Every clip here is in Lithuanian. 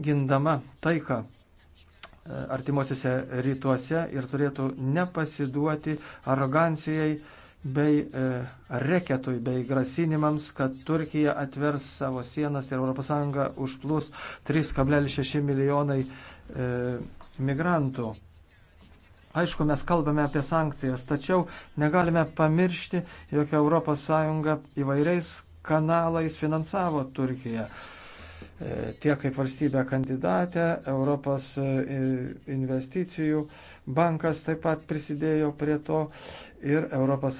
gindama taiką e, artimuosiuose rytuose ir turėtų nepasiduoti arogancijai bei e, reketui, bei grasinimams, kad Turkija atvers savo sienas ir ES užplūs 3,6 milijonai e, migrantų. Aišku, mes kalbame apie sankcijas, tačiau negalime pamiršti, jog ES įvairiais kanalais finansavo Turkiją. E, tiek kaip valstybė kandidatė, Europos e, investicijų bankas taip pat prisidėjo prie to ir ES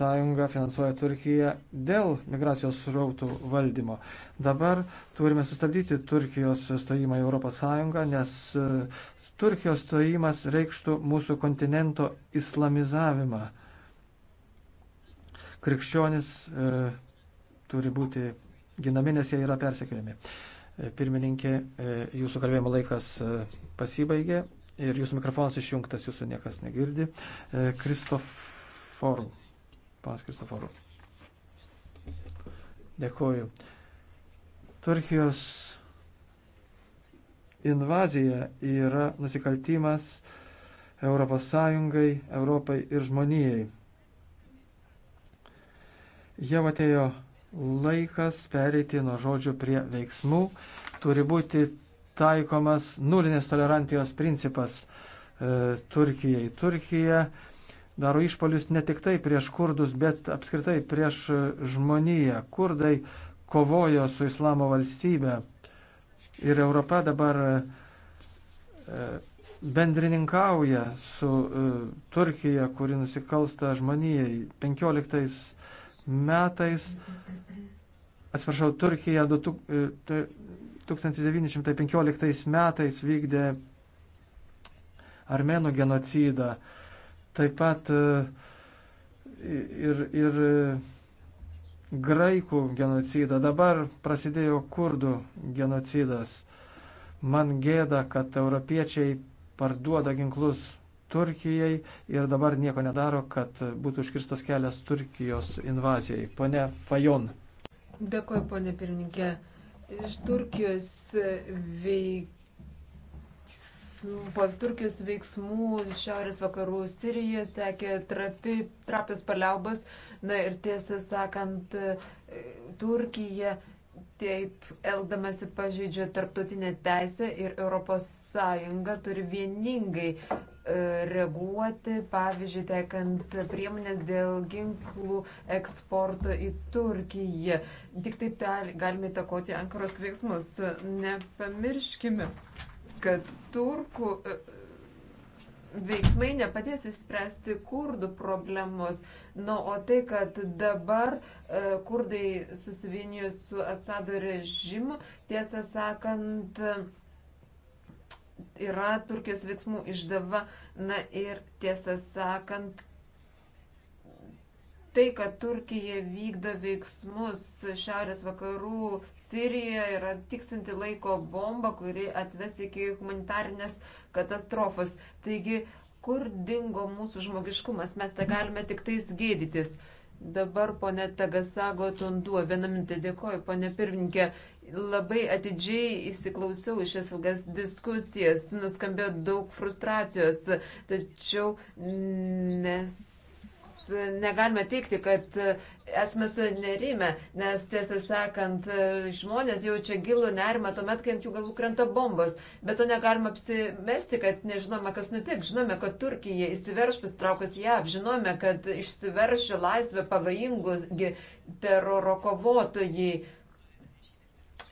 finansuoja Turkiją dėl migracijos srautų valdymo. Dabar turime sustabdyti Turkijos stojimą į ES, nes e, Turkijos stojimas reikštų mūsų kontinento islamizavimą. Krikščionis e, turi būti ginami, nes jie yra persekiojami. E, E, pirmininkė, e, jūsų kalbėjimo laikas e, pasibaigė ir jūsų mikrofonas išjungtas, jūsų niekas negirdi. Kristoforų. Panas Kristoforų. Dėkuoju. Turkijos invazija yra nusikaltimas ES, Europai ir žmonijai. Jau atėjo laikas pereiti nuo žodžių prie veiksmų. Turi būti taikomas nulinės tolerancijos principas e, Turkijai. Turkija daro išpolius ne tik tai prieš kurdus, bet apskritai prieš žmoniją. Kurdai kovojo su islamo valstybe ir Europa dabar e, bendrininkauja su e, Turkija, kuri nusikalsta žmonijai. 15 metais, atsiprašau, Turkija 1915 e, metais vykdė armenų genocidą. Taip pat e, ir, ir e, graikų genocidą. Dabar prasidėjo kurdų genocidas. Man gėda, kad europiečiai parduoda ginklus Turkijai ir dabar nieko nedaro, kad būtų užkirstas kelias Turkijos invazijai. Pone Pajon. Dėkuoju, ponė pirmininkė. Iš Turkijos veiksmų, po Turkijos veiksmų šiaurės vakarų Sirijoje sekė trapi, trapios paliaubos. Na ir tiesą sakant, Turkija taip elgdamasi pažeidžia tarptautinę teisę ir ES turi vieningai e, reaguoti, pavyzdžiui, tekant priemonės dėl ginklų eksporto į Turkiją. Tik taip galime įtakoti Ankaros veiksmus. Nepamirškime, kad turkų e, veiksmai nepadės išspręsti kurdų problemos. Nu, o tai, kad dabar e, kurdai susivienijo su Asado režimu, tiesą sakant, yra Turkijos veiksmų išdava. Na ir tiesą sakant, tai, kad Turkija vykdo veiksmus šiaurės vakarų Sirijoje, yra tiksinti laiko bomba, kuri atves iki humanitarinės uh, katastrofos. Taigi, kur dingo mūsų žmogiškumas, mes tą galime tik tais gėdytis. Dabar ponė Tagasago Tunduo, vieną mintį dėkoju, ponė pirmininkė, labai atidžiai įsiklausiau šias ilgas diskusijas, nuskambėjo daug frustracijos, tačiau nes negalime teikti, kad esame sunerime, nes tiesą sakant, žmonės jaučia gilų nerimą tuomet, kai ant jų galvų krenta bombos. Bet to negalima apsimesti, kad nežinome, kas nutiks. Žinome, kad Turkija įsiverš pasitraukus JAV, žinome, kad išsiverš į laisvę pavojingus teroro kovotojai.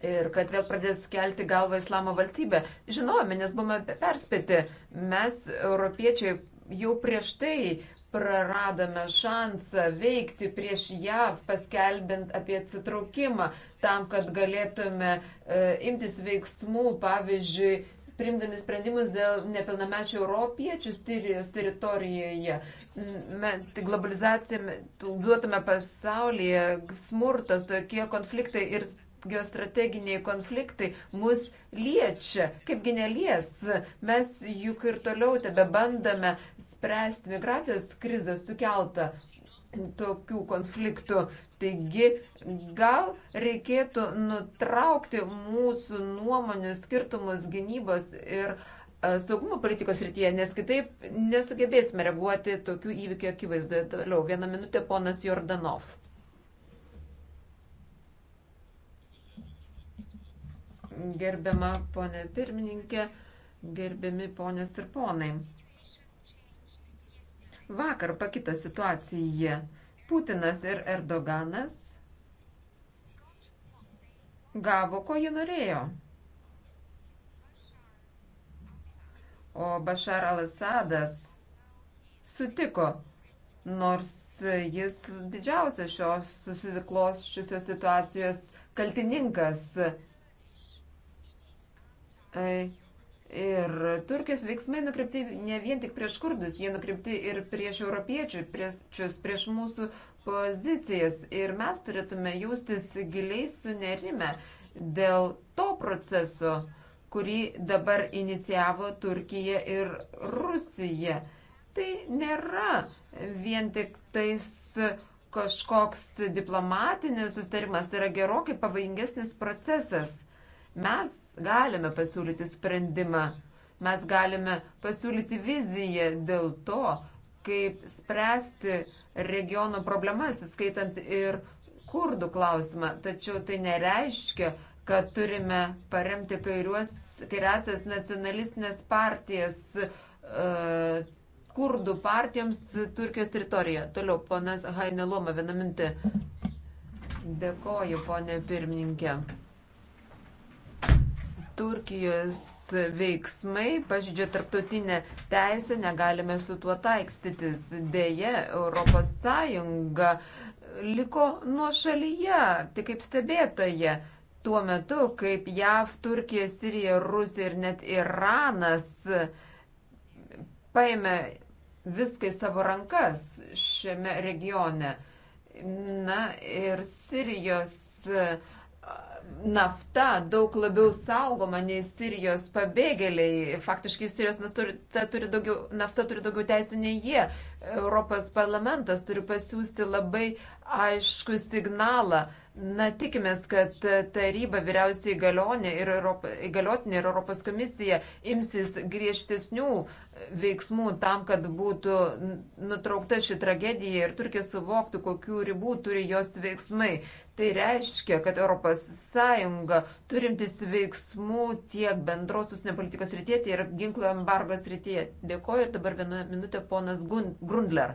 Ir kad vėl pradės kelti galvą islamo valstybę. Žinome, nes buvome perspėti. Mes, europiečiai, jau prieš tai praradome šansą veikti prieš JAV, paskelbint apie atsitraukimą, tam, kad galėtume e, imtis veiksmų, pavyzdžiui, priimdami sprendimus dėl nepilnamečių europiečių Sirijos teritorijoje. Tai globalizacija duotame pasaulyje, smurtas, tokie konfliktai ir geostrateginiai konfliktai mus liečia, kaip ginelies. Mes juk ir toliau tebe bandome spręsti migracijos krizę sukeltą tokių konfliktų. Taigi gal reikėtų nutraukti mūsų nuomonių skirtumus gynybos ir e, saugumo politikos rytyje, nes kitaip nesugebėsime reaguoti tokių įvykių akivaizdoje. Toliau vieną minutę ponas Jordanov. gerbiama ponė pirmininkė, gerbiami ponės ir ponai. Vakar pakito situacija. Putinas ir Erdoganas gavo, ko jie norėjo. O Bashar al-Assadas sutiko, nors jis didžiausias šios susiklosčiusios situacijos kaltininkas E, ir Turkijos veiksmai nukreipti ne vien tik prieš kurdus, jie nukreipti ir prieš europiečius, prieš, prieš mūsų pozicijas. Ir mes turėtume jaustis giliai sunerime dėl to proceso, kurį dabar inicijavo Turkija ir Rusija. Tai nėra vien tik tais kažkoks diplomatinis sustarimas, tai yra gerokai pavojingesnis procesas. Mes galime pasiūlyti sprendimą, mes galime pasiūlyti viziją dėl to, kaip spręsti regiono problemas, įskaitant ir kurdų klausimą. Tačiau tai nereiškia, kad turime paremti kairiasias nacionalistinės partijas uh, kurdų partijoms Turkijos teritorijoje. Toliau, ponas Haineloma, vieną mintį. Dėkoju, ponė pirmininkė. Turkijos veiksmai pažydžia tarptautinę teisę, negalime su tuo taikstytis. Deja, ES liko nuo šalyje, tik kaip stebėtoje. Tuo metu, kaip JAV, Turkija, Sirija, Rusija ir net Iranas paėmė viską į savo rankas šiame regione. Na ir Sirijos uh, nafta daug labiau saugoma nei Sirijos pabėgėliai. Faktiškai Sirijos turi, turi daugiau, nafta turi daugiau teisų nei jie. Europos parlamentas turi pasiūsti labai aišku signalą Na, tikimės, kad taryba vyriausiai įgaliotinė ir, Europa, ir Europos komisija imsis griežtesnių veiksmų tam, kad būtų nutraukta ši tragedija ir Turkija suvoktų, kokių ribų turi jos veiksmai. Tai reiškia, kad ES turimtis veiksmų tiek bendros užsienio politikos rytie, tiek ir ginklo embargos rytie. Dėkoju ir dabar vieną minutę ponas Grundler.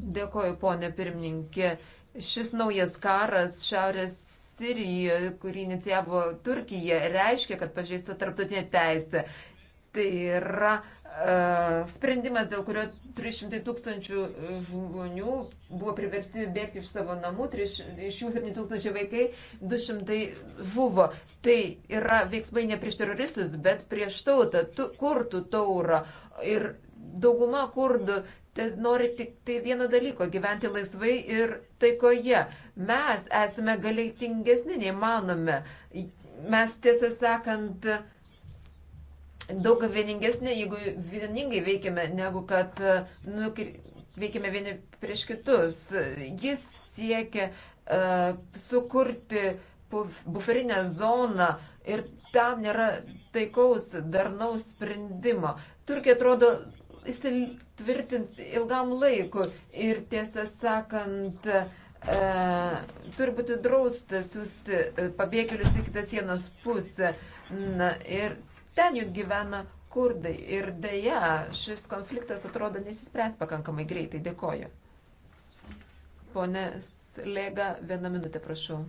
Dėkoju, ponė pirmininkė. Šis naujas karas Šiaurės Sirijoje, kurį inicijavo Turkija, reiškia, kad pažeista tarptautinė teisė. Tai yra e, sprendimas, dėl kurio 300 tūkstančių žmonių buvo priversti bėgti iš savo namų, 3, iš jų 7 tūkstančiai vaikai, 200 žuvo. Tai yra veiksmai ne prieš teroristus, bet prieš tautą, tu, kurtų taurą. Ir dauguma kurdų nori tik tai vieno dalyko - gyventi laisvai ir taikoje. Mes esame galėtingesni, nei manome. Mes tiesą sakant, daug vieningesnė, jeigu vieningai veikiame, negu kad nu, veikiame vieni prieš kitus. Jis siekia uh, sukurti buferinę zoną ir tam nėra taikaus, darnaus sprendimo. Turkija atrodo įsitvirtins ilgam laikui ir tiesą sakant, e, turi būti drausta siūsti e, pabėgėlius į kitą sienos pusę. Na, ir ten juk gyvena kurdai. Ir dėja, šis konfliktas atrodo nesispręs pakankamai greitai. Dėkoju. Pone Slega, vieną minutę prašau.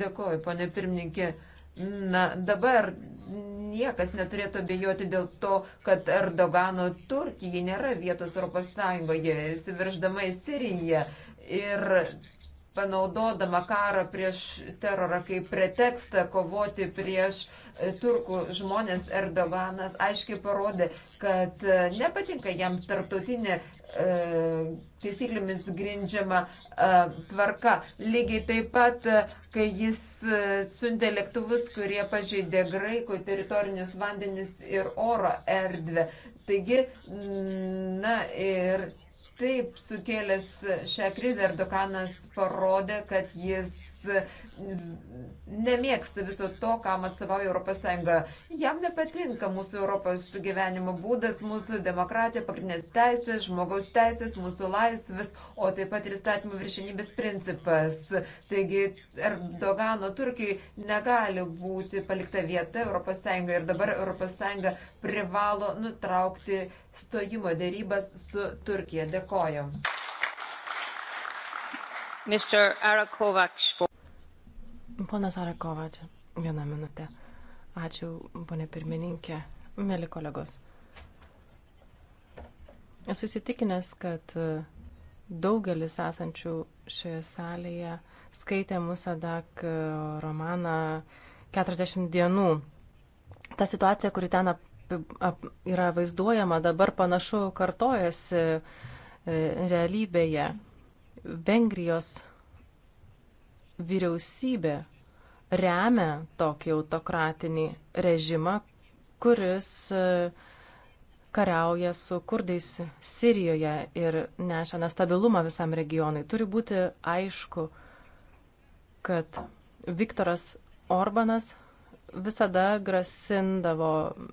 Dėkoju, pone pirmininkė. Na, dabar niekas neturėtų abejoti dėl to, kad Erdogano Turkija nėra vietos Europos Sąjungoje, įsiverždama į Siriją ir panaudodama karą prieš terorą kaip pretekstą kovoti prieš e, turkų žmonės Erdoganas aiškiai parodė, kad e, nepatinka jam tarptautinė E, taisyklėmis grindžiama e, tvarka. Lygiai taip pat, e, kai jis siuntė lėktuvus, kurie pažeidė graikų teritorinius vandenis ir oro erdvę. Taigi, na ir taip sukėlęs šią krizę, Erdoganas parodė, kad jis nemėgsta viso to, kam atstovauja ES. Jam nepatinka mūsų Europos gyvenimo būdas, mūsų demokratija, pagrindinės teisės, žmogaus teisės, mūsų laisvės, o taip pat ir įstatymų viršinybės principas. Taigi Erdogano Turkijai negali būti palikta vieta ES ir dabar ES privalo nutraukti stojimo dėrybas su Turkija. Dėkoju. For... Ponas Arakovač, vieną minutę. Ačiū, ponė pirmininkė, mėly kolegos. Esu įsitikinęs, kad daugelis esančių šioje salėje skaitė Musadak romaną 40 dienų. Ta situacija, kuri ten ap, ap, yra vaizduojama, dabar panašu kartojasi e, realybėje. Vengrijos vyriausybė remia tokį autokratinį režimą, kuris e, kariauja su kurdais Sirijoje ir neša nestabilumą visam regionui. Turi būti aišku, kad Viktoras Orbanas visada grasindavo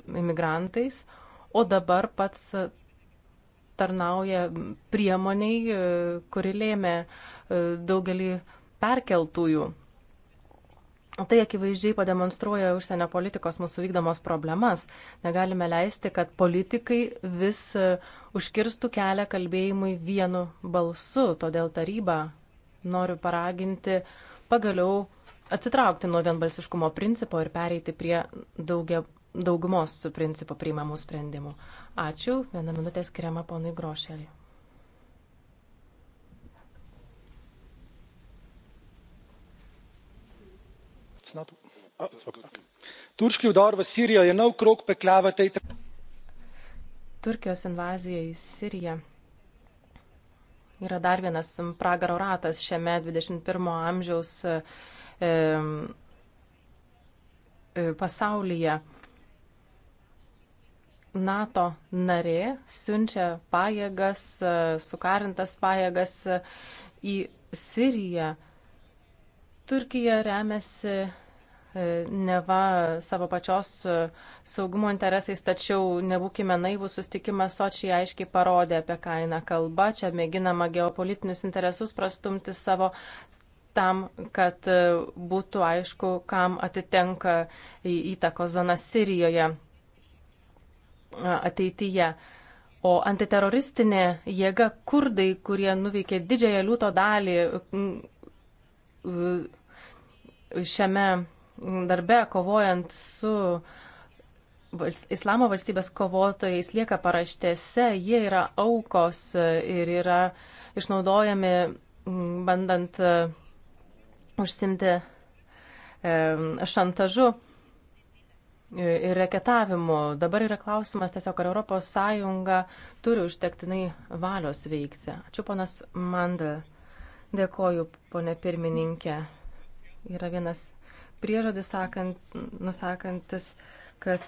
imigrantais, o dabar pats tarnauja priemoniai, e, kuri lėmė e, daugelį perkeltųjų. Tai akivaizdžiai pademonstruoja užsienio politikos mūsų vykdomos problemas. Negalime leisti, kad politikai vis e, užkirstų kelią kalbėjimui vienu balsu. Todėl tarybą noriu paraginti pagaliau atsitraukti nuo vienbalsiškumo principo ir pereiti prie daugia, daugumos principo priimamų sprendimų. Ačiū. Vieną minutę skiriama ponui Grošeliui. Oh, turški vdor v sirijo je nov krog pekla v tej. turkijos invazija į siriją yra dar vienas pragaro ratas šiame dvidešimt pirmo amžiaus e, pasaulyje. NATO narė siunčia pajėgas, e, sukarintas pajėgas į Siriją. Turkija remiasi neva savo pačios e, saugumo interesais, tačiau nebūkime naivų, sustikimas Sočiai aiškiai parodė, apie ką eina kalba, čia mėginama geopolitinius interesus prastumti savo tam, kad e, būtų aišku, kam atitenka įtako zona Sirijoje e, ateityje. O antiteroristinė jėga kurdai, kurie nuveikė didžiąją liūto dalį šiame darbe kovojant su islamo valstybės kovotojais lieka paraštėse, jie yra aukos e, ir yra išnaudojami bandant e, užsimti e, šantažu ir reketavimu. Dabar yra klausimas tiesiog, ar ES turi užtektinai valios veikti. Ačiū, ponas Mandel. Dėkoju, ponė pirmininkė. Yra vienas priežodis sakant, nusakantis, kad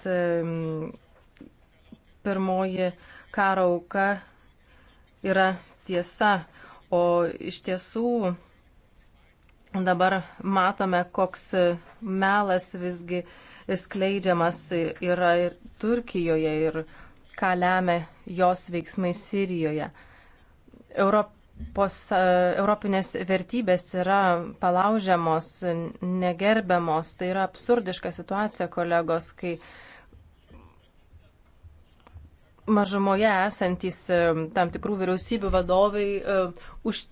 pirmoji karo auka yra tiesa, o iš tiesų dabar matome, koks melas visgi skleidžiamas yra ir Turkijoje ir ką lemia jos veiksmai Sirijoje. Europos Europos, europinės vertybės yra palaužiamos, negerbiamos. Tai yra absurdiška situacija, kolegos, kai mažumoje esantys tam tikrų vyriausybių vadovai už,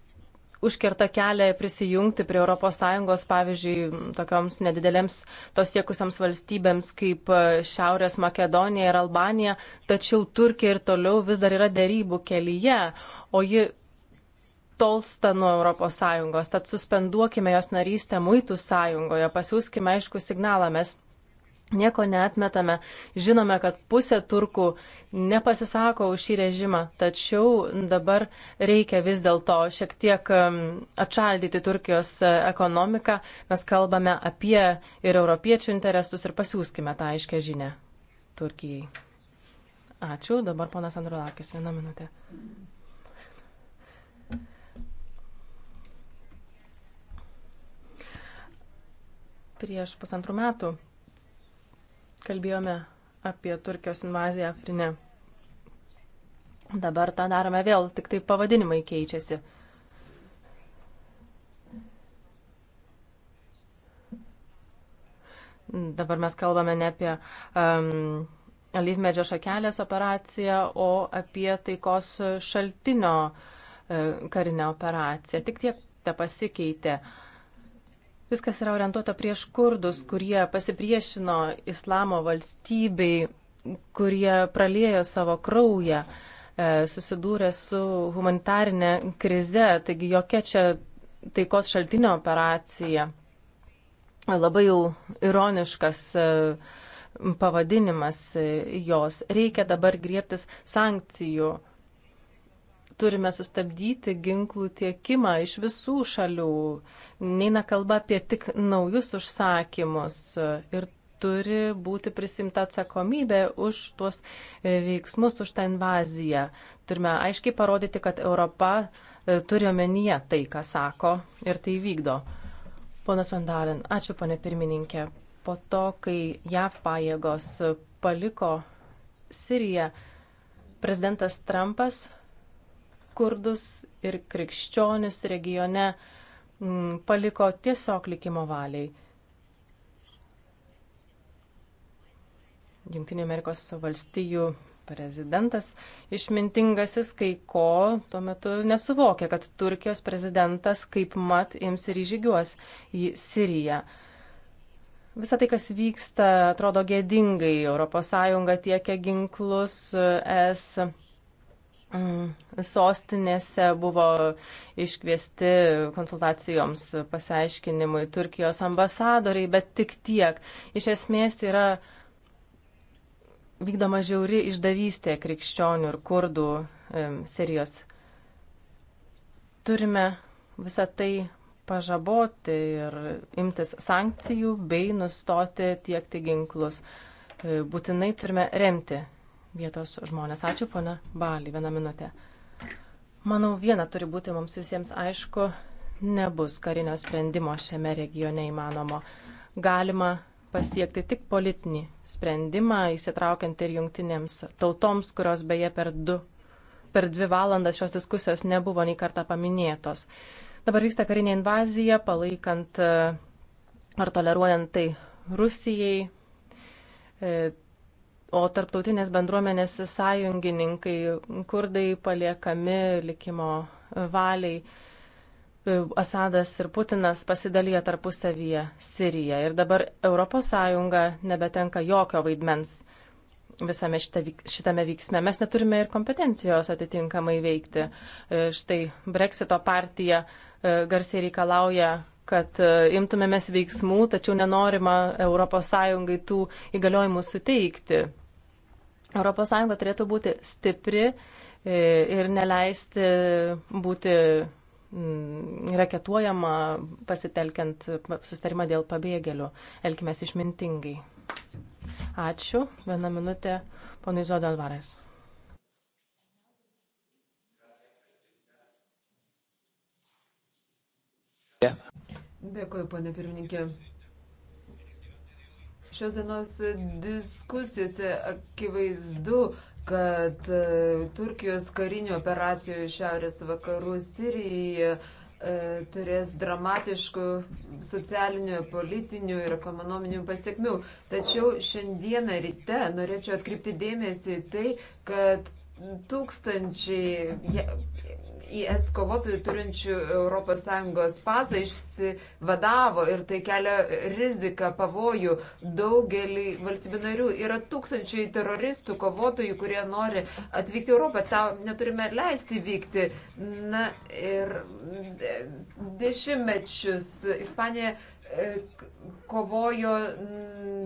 užkerta kelią prisijungti prie ES, pavyzdžiui, tokioms nedidelėms tos siekusiams valstybėms kaip Šiaurės Makedonija ir Albanija, tačiau Turkija ir toliau vis dar yra dėrybų kelyje, o ji tolsta nuo ES, tad suspenduokime jos narystę muitų sąjungoje, pasiūskime aišku signalą, mes nieko neatmetame, žinome, kad pusė turkų nepasisako už šį režimą, tačiau dabar reikia vis dėlto šiek tiek um, atšaldyti Turkijos uh, ekonomiką, mes kalbame apie ir europiečių interesus ir pasiūskime tą aiškę žinę Turkijai. Ačiū, dabar ponas Andrulakis, vieną minutę. Prieš pusantrų metų kalbėjome apie Turkijos invaziją Afrinę. Dabar tą darome vėl, tik tai pavadinimai keičiasi. Dabar mes kalbame ne apie um, alyvmedžio šakelės operaciją, o apie taikos šaltinio uh, karinę operaciją. Tik tiek te pasikeitė. Uh, Viskas yra orientuota prieš kurdus, kurie pasipriešino islamo valstybei, kurie pralėjo savo kraują, e, susidūrė su humanitarinė krize, taigi jokia čia taikos šaltinio operacija. Labai jau ironiškas e, pavadinimas jos. Reikia dabar griebtis sankcijų turime sustabdyti ginklų tiekimą iš visų šalių. Neina kalba apie tik naujus užsakymus ir turi būti prisimta atsakomybė už tuos e, veiksmus, už tą invaziją. Turime aiškiai parodyti, kad Europa e, turi omenyje tai, ką sako ir tai vykdo. Ponas Vandalin, ačiū, ponė pirmininkė. Po to, kai JAV pajėgos paliko Siriją, prezidentas Trumpas kurdus ir krikščionis regione m, mm, paliko tiesiog likimo valiai. Junktinių Amerikos valstijų prezidentas išmintingasis kai ko tuo metu nesuvokė, kad Turkijos prezidentas kaip mat ims ir įžygiuos į Siriją. Visą tai, kas vyksta, atrodo gėdingai. ES tiekia ginklus, es Mm. Sostinėse buvo iškviesti konsultacijoms pasiaiškinimui Turkijos ambasadoriai, bet tik tiek. Iš esmės yra vykdoma žiauri išdavystė krikščionių ir kurdų Sirijos. Turime visą tai pažaboti ir imtis sankcijų bei nustoti tiekti ginklus. E, būtinai turime remti vietos žmonės. Ačiū, ponia Balį, vieną minutę. Manau, viena turi būti mums visiems aišku, nebus karinio sprendimo šiame regione įmanomo. Galima pasiekti tik politinį sprendimą, įsitraukiant ir jungtinėms tautoms, kurios beje per, du, per dvi valandas šios diskusijos nebuvo nei kartą paminėtos. Dabar vyksta karinė invazija, palaikant ar toleruojant tai Rusijai. E, o tarptautinės bendruomenės sąjungininkai, kurdai paliekami likimo valiai. Asadas ir Putinas pasidalė tarpusavyje Siriją ir dabar ES nebetenka jokio vaidmens visame šita, šitame vyksme. Mes neturime ir kompetencijos atitinkamai veikti. E, štai Brexito partija e, garsiai reikalauja kad e, imtumėmės veiksmų, tačiau nenorima ES tų įgaliojimų suteikti. ES turėtų būti stipri e, ir neleisti būti mm, reketuojama pasitelkiant sustarimą dėl pabėgėlių. Elkime išmintingai. Ačiū. Vieną minutę, ponai Zodo Alvarės. Dėkuoju, ponė pirmininkė šios dienos diskusijose akivaizdu, kad e, Turkijos karinių operacijų šiaurės vakarų Sirijoje e, turės dramatiškų socialinių, politinių ir ekonominių pasiekmių. Tačiau šiandieną ryte norėčiau atkreipti dėmesį tai, kad tūkstančiai IS kovotojų turinčių ES pasą išsivadavo ir tai kelia riziką, pavojų daugelį valstybių narių. Yra tūkstančiai teroristų, kovotojų, kurie nori atvykti į Europą. Ta neturime leisti vykti. Na ir dešimtmečius Ispanija e, kovojo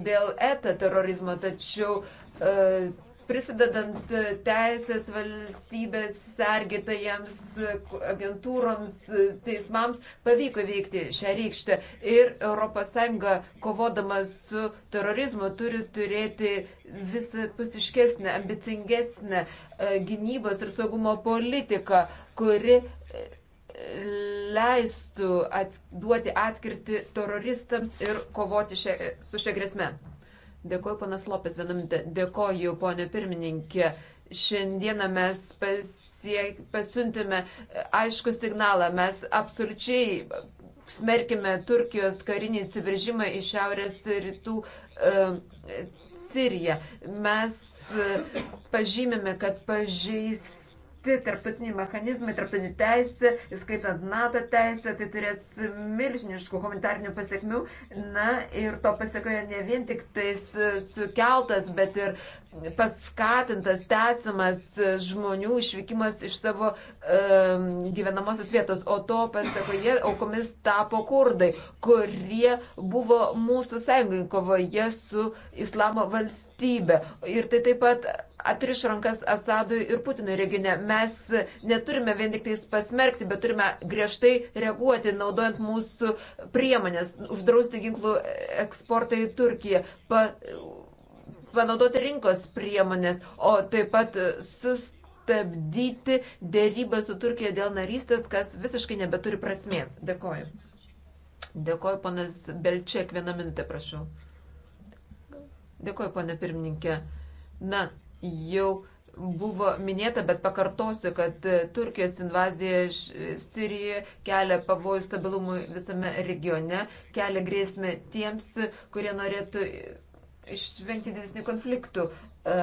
dėl ETA terorizmo, tačiau e, prisidedant e, teisės valstybės sergėtajams, agentūroms, e, teismams, pavyko veikti šią rykštę. Ir ES kovodama su terorizmu turi turėti visapusiškesnę, ambicingesnę e, gynybos ir saugumo politiką, kuri leistų at, duoti atkirti teroristams ir kovoti šia, su šia grėsme. Dėkoju, panas Lopės, vieną minutę. Dėkoju, ponė pirmininkė. Šiandieną mes pasiek, pasiuntime aišku signalą. Mes absoliučiai smerkime Turkijos karinį įsiveržimą į šiaurės rytų uh, Siriją. Mes e, pažymime, kad pažeis visi tarptautiniai mechanizmai, tarptautinė teisė, įskaitant NATO teisę, tai turės milžiniškų humanitarnių pasiekmių. Na ir to pasiekojo ne vien tik tais sukeltas, bet ir paskatintas, tęsiamas žmonių išvykimas iš savo e, gyvenamosios vietos, o to pasakoje aukomis tapo kurdai, kurie buvo mūsų sąjungai kovoje su islamo valstybe. Ir tai taip pat atriš rankas Asadui ir Putinui regione. Mes neturime vien tik tais pasmerkti, bet turime griežtai reaguoti, naudojant mūsų priemonės, uždrausti ginklų eksportą į Turkiją, pa, panaudoti rinkos priemonės, o taip pat sustabdyti dėrybą su Turkija dėl narystės, kas visiškai nebeturi prasmės. Dėkoju. Dėkoju, ponas Belčiek, vieną minutę prašau. Dėkoju, ponė pirmininkė. Na, jau buvo minėta, bet pakartosiu, kad Turkijos invazija Sirijoje kelia pavojų stabilumui visame regione, kelia grėsmę tiems, kurie norėtų išvengti didesnių konfliktų e,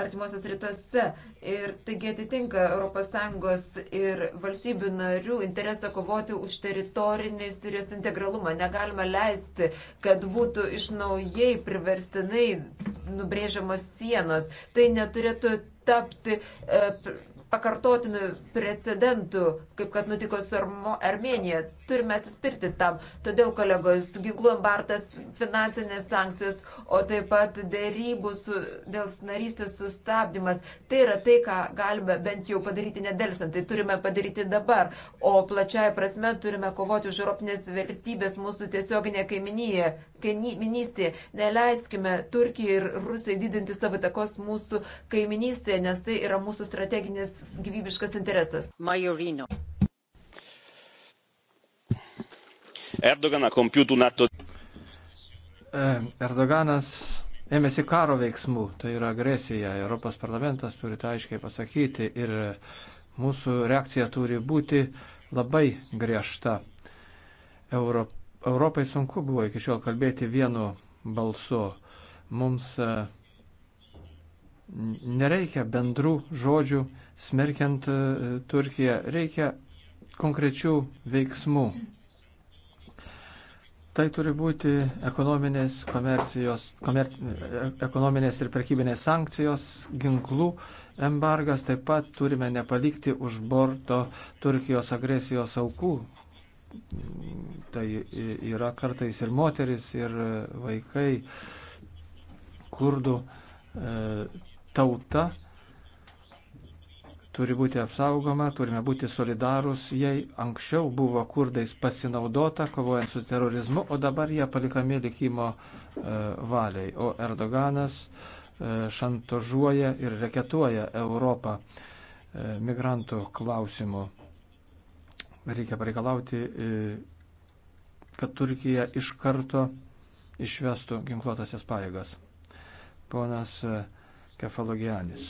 artimuosios rytuose. Ir taigi atitinka ES ir valstybių narių interesą kovoti už teritorinį Sirijos integralumą. Negalima leisti, kad būtų iš naujai priverstinai nubrėžiamos sienos. Tai neturėtų tapti. E, pakartotinių precedentų, kaip kad nutiko su Armenija. Turime atsispirti tam. Todėl, kolegos, ginklų embartas, finansinės sankcijos, o taip pat dėrybų su, dėl narystės sustabdymas. Tai yra tai, ką galime bent jau padaryti nedelsant. Tai turime padaryti dabar. O plačiaja prasme turime kovoti už Europinės vertybės mūsų tiesioginė kaiminėje, kaiminystėje. Neleiskime Turkijai ir Rusijai didinti savo takos mūsų kaiminystėje, nes tai yra mūsų strateginis gyvybiškas interesas. Majorino. Erdogan ha compiuto un atto. E, Erdoganas ėmėsi karo veiksmų, tai yra agresija. Europos parlamentas turi tai aiškiai pasakyti ir mūsų reakcija turi būti labai griežta. Euro, Europai sunku buvo iki šiol kalbėti vienu balsu. Mums e, nereikia bendrų žodžių smerkiant e, Turkiją, reikia konkrečių veiksmų. Tai turi būti ekonominės, komer, ekonominės ir prekybinės sankcijos, ginklų embargas, taip pat turime nepalikti už borto Turkijos agresijos aukų. Tai yra kartais ir moteris, ir vaikai, kurdų e, tauta turi būti apsaugoma, turime būti solidarūs, jei anksčiau buvo kurdais pasinaudota, kovojant su terorizmu, o dabar jie palikami likimo e, valiai. O Erdoganas e, šantažuoja ir reketuoja Europą e, migrantų klausimu. Reikia pareikalauti, e, kad Turkija iš karto išvestų ginkluotasias pajėgas. Ponas e, Kefalogianis.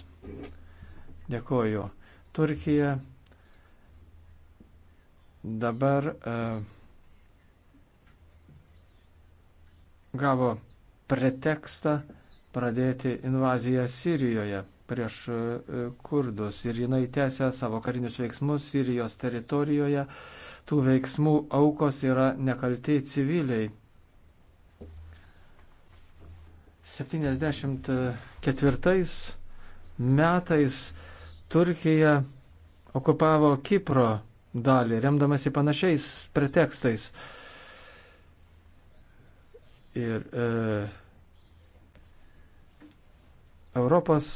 Dėkoju. Turkija dabar e, gavo pretekstą pradėti invaziją Sirijoje prieš e, kurdus ir jinai tęsia savo karinius veiksmus Sirijos teritorijoje. Tų veiksmų aukos yra nekalti civiliai, 74 metais Turkija okupavo Kipro dalį, remdamasi panašiais pretekstais. Ir e, Europos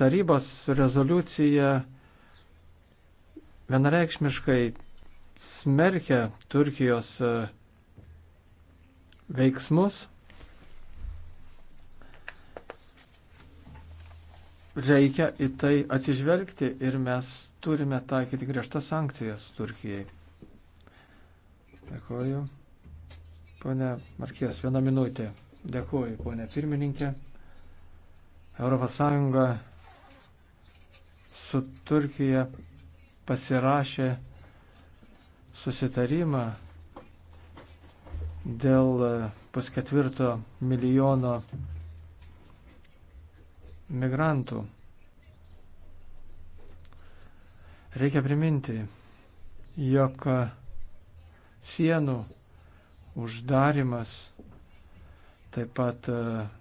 tarybos rezoliucija vienareikšmiškai smerkia Turkijos e, veiksmus reikia į tai atsižvelgti ir mes turime taikyti griežtas sankcijas Turkijai. Dėkuoju. Pone Markės, vieną minutę. Dėkuoju, ponė pirmininkė. ES su Turkija pasirašė susitarimą dėl pusketvirto milijono migrantų. Reikia priminti, jog sienų uždarimas, taip pat e,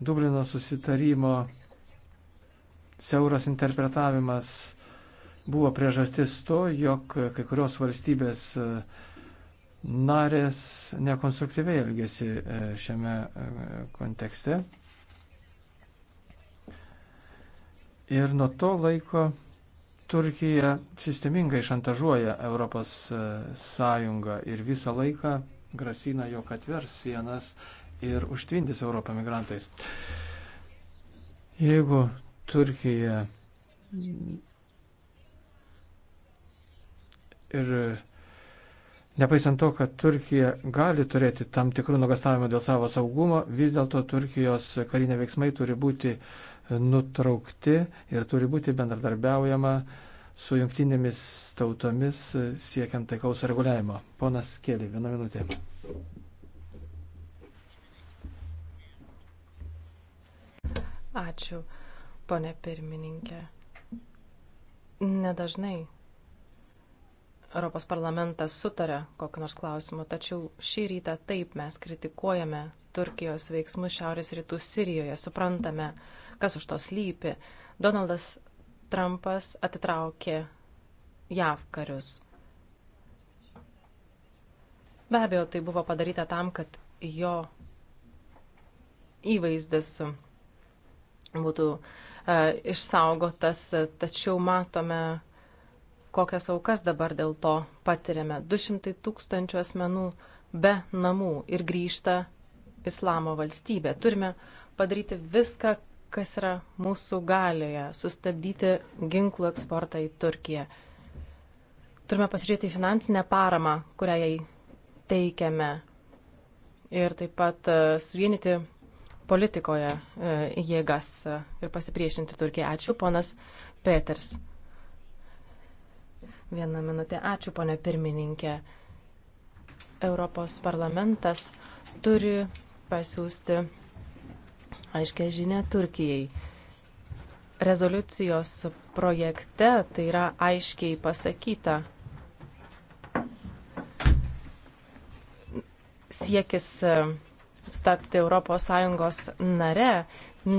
Dublino susitarimo siauras interpretavimas buvo priežastis to, jog kai kurios valstybės e, narės nekonstruktyviai elgėsi e, šiame kontekste. Ir nuo to laiko Turkija sistemingai šantažuoja Europos e, Sąjungą ir visą laiką grasina, jog atvers sienas ir užtvindys Europą migrantais. Jeigu Turkija ir Nepaisant to, kad Turkija gali turėti tam tikrų nuogastavimų dėl savo saugumo, vis dėlto Turkijos kariniai veiksmai turi būti nutraukti ir turi būti bendradarbiaujama su jungtinėmis tautomis siekiant taikaus reguliavimo. Ponas Kėlė, vieną minutę. Ačiū, ponė pirmininkė. Nedažnai Europos parlamentas sutarė kokiu nors klausimu, tačiau šį rytą taip mes kritikuojame Turkijos veiksmus šiaurės rytų Sirijoje, suprantame, kas už to slypi. Donaldas Trumpas atitraukė JAV karius. Be abejo, tai buvo padaryta tam, kad jo įvaizdis būtų e, išsaugotas, tačiau matome, kokias aukas dabar dėl to patiriame. 200 tūkstančių asmenų be namų ir grįžta islamo valstybė. Turime padaryti viską, kas yra mūsų galioje, sustabdyti ginklų eksportą į Turkiją. Turime pasižiūrėti į finansinę paramą, kurią jai teikiame. Ir taip pat e, suvienyti politikoje e, jėgas e, ir pasipriešinti Turkiją. Ačiū, ponas Peters. Vieną minutę. Ačiū, ponė pirmininkė. Europos parlamentas turi pasiūsti aiškę žinę Turkijai. Rezoliucijos projekte tai yra aiškiai pasakyta. Siekis e, tapti ES nare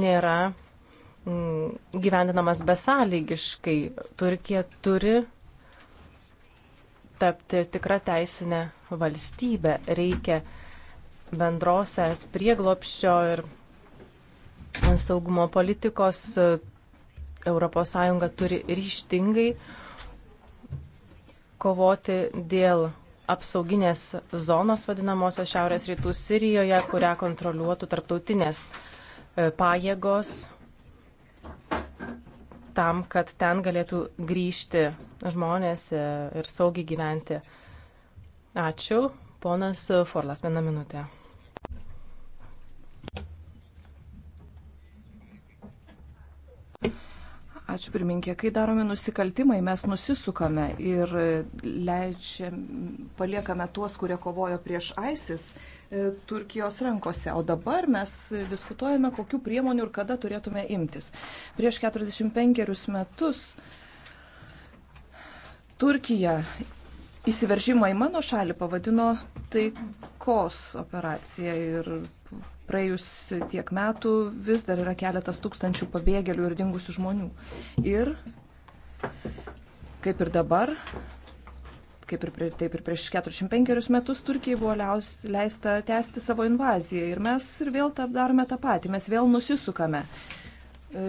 nėra mm, gyvendinamas besąlygiškai. Turkija turi tapti tikrą teisinę valstybę. Reikia bendrosios prieglopščio ir saugumo politikos. ES turi ryštingai kovoti dėl apsauginės zonos vadinamosios Šiaurės rytų Sirijoje, kurią kontroliuotų tarptautinės e, pajėgos tam, kad ten galėtų grįžti žmonės e, ir saugiai gyventi. Ačiū. Ponas Forlas, vieną minutę. Ačiū pirminkė, kai darome nusikaltimai, mes nusisukame ir leidžiam, paliekame tuos, kurie kovojo prieš ISIS E, Turkijos rankose. O dabar mes diskutuojame, kokiu priemonių ir kada turėtume imtis. Prieš 45 metus Turkija įsiveržimą į mano šalį pavadino taikos operacija ir praėjus tiek metų vis dar yra keletas tūkstančių pabėgėlių ir dingusių žmonių. Ir kaip ir dabar, kaip ir, taip ir prieš 45 metus Turkijai buvo liaus, leista tęsti savo invaziją. Ir mes ir vėl tą darome tą patį, mes vėl nusisukame. E,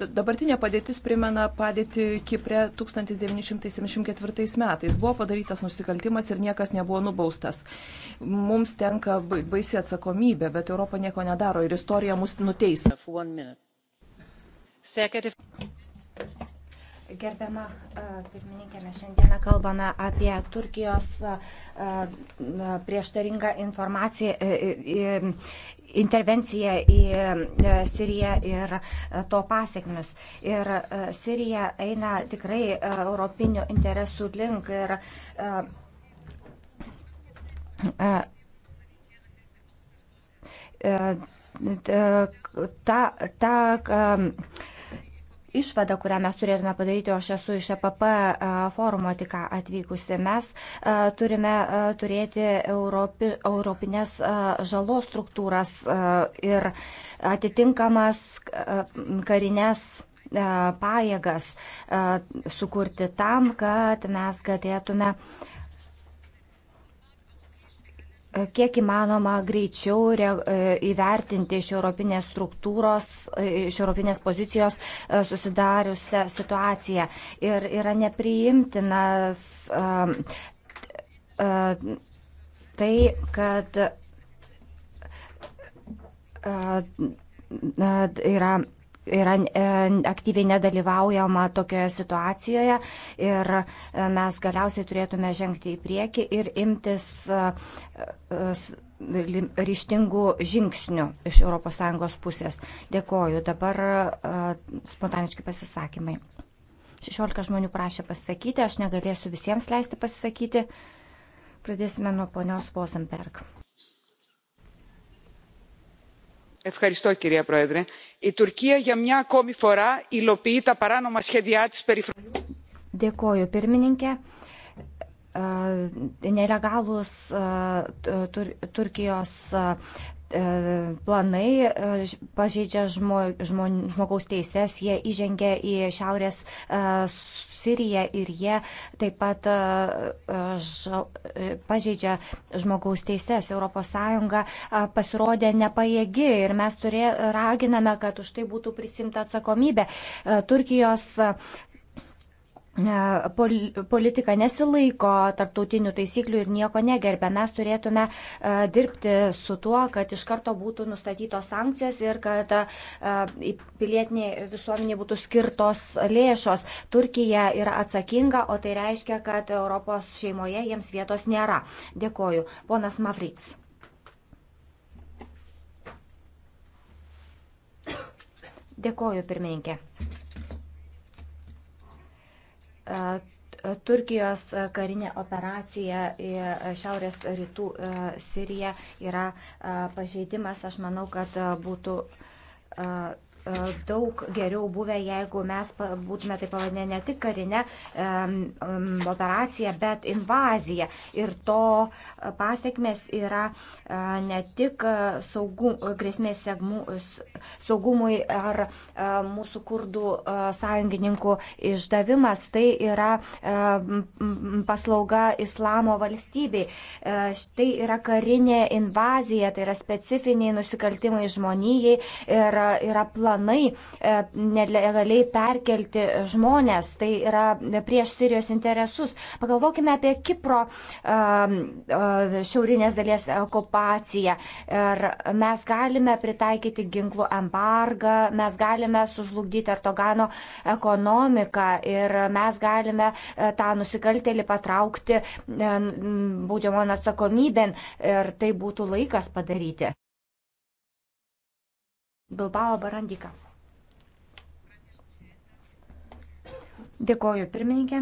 dabartinė padėtis primena padėtį Kiprė 1974 metais. Buvo padarytas nusikaltimas ir niekas nebuvo nubaustas. Mums tenka baisi atsakomybė, bet Europa nieko nedaro ir istorija mus nuteis. Gerbiama e, pirmininkė, mes šiandieną kalbame apie Turkijos e, e, prieštaringą informaciją, intervenciją į Siriją ir to pasiekmius. Ir Sirija eina tikrai europinių interesų link ir ta, ta išvada, kurią mes turėtume padaryti, o aš esu iš EPP e, forumo tik atvykusi, mes e, turime e, turėti Europi, europinės žalos struktūras ir atitinkamas karinės pajėgas sukurti tam, kad mes galėtume E, kiek įmanoma greičiau re, e, įvertinti iš europinės struktūros, e, iš europinės pozicijos susidariusią situaciją. Ir yra nepriimtinas tai, kad yra yra e, aktyviai nedalyvaujama tokioje situacijoje ir e, mes galiausiai turėtume žengti į priekį ir imtis e, ryštingų žingsnių iš ES pusės. Dėkoju. Dabar spontaniški pasisakymai. 16 žmonių prašė pasisakyti, aš negalėsiu visiems leisti pasisakyti. Pradėsime nuo ponios Vosenberg κυρία πρόεδρε η τουρκία για μια ακόμη φορά υλοποιεί τα παράνομα σχέδιά της Dėkoju, pirmininkė. Nelegalus Turkijos E, planai e, pažeidžia žmogaus teises, jie įžengia į Šiaurės e, Siriją ir jie taip pat pažeidžia žmogaus teises. ES pasirodė nepajėgi ir mes turė, raginame, kad už tai būtų prisimta atsakomybė. Turkijos politika nesilaiko tarptautinių taisyklių ir nieko negerbė. Mes turėtume e, dirbti su tuo, kad iš karto būtų nustatytos sankcijos ir kad e, pilietiniai visuomeniai būtų skirtos lėšos. Turkija yra atsakinga, o tai reiškia, kad Europos šeimoje jiems vietos nėra. Dėkoju. Ponas Mavrits. Dėkoju, pirmininkė. E, Turkijos karinė operacija į šiaurės rytų e, Siriją yra e, pažeidimas. Aš manau, kad būtų E, daug geriau buvę, jeigu mes būtume taip pavadinę ne tik karinę e, operaciją, bet invaziją. Ir to e, pasiekmes yra ne tik saugum, grėsmės saugumui ar mūsų kurdų sąjungininkų išdavimas, tai yra paslauga islamo valstybei. Tai yra karinė invazija, tai yra specifiniai nusikaltimai žmonijai ir yra planas planai e, nelegaliai perkelti žmonės, tai yra prieš Sirijos interesus. Pagalvokime apie Kipro e, e, šiaurinės dalies okupaciją ir mes galime pritaikyti ginklų embargą, mes galime sužlugdyti Ertogano ekonomiką ir mes galime tą nusikaltėlį patraukti būdžiamon atsakomybėn ir tai būtų laikas padaryti. Bilbao Barandika. Dėkoju pirmininkė.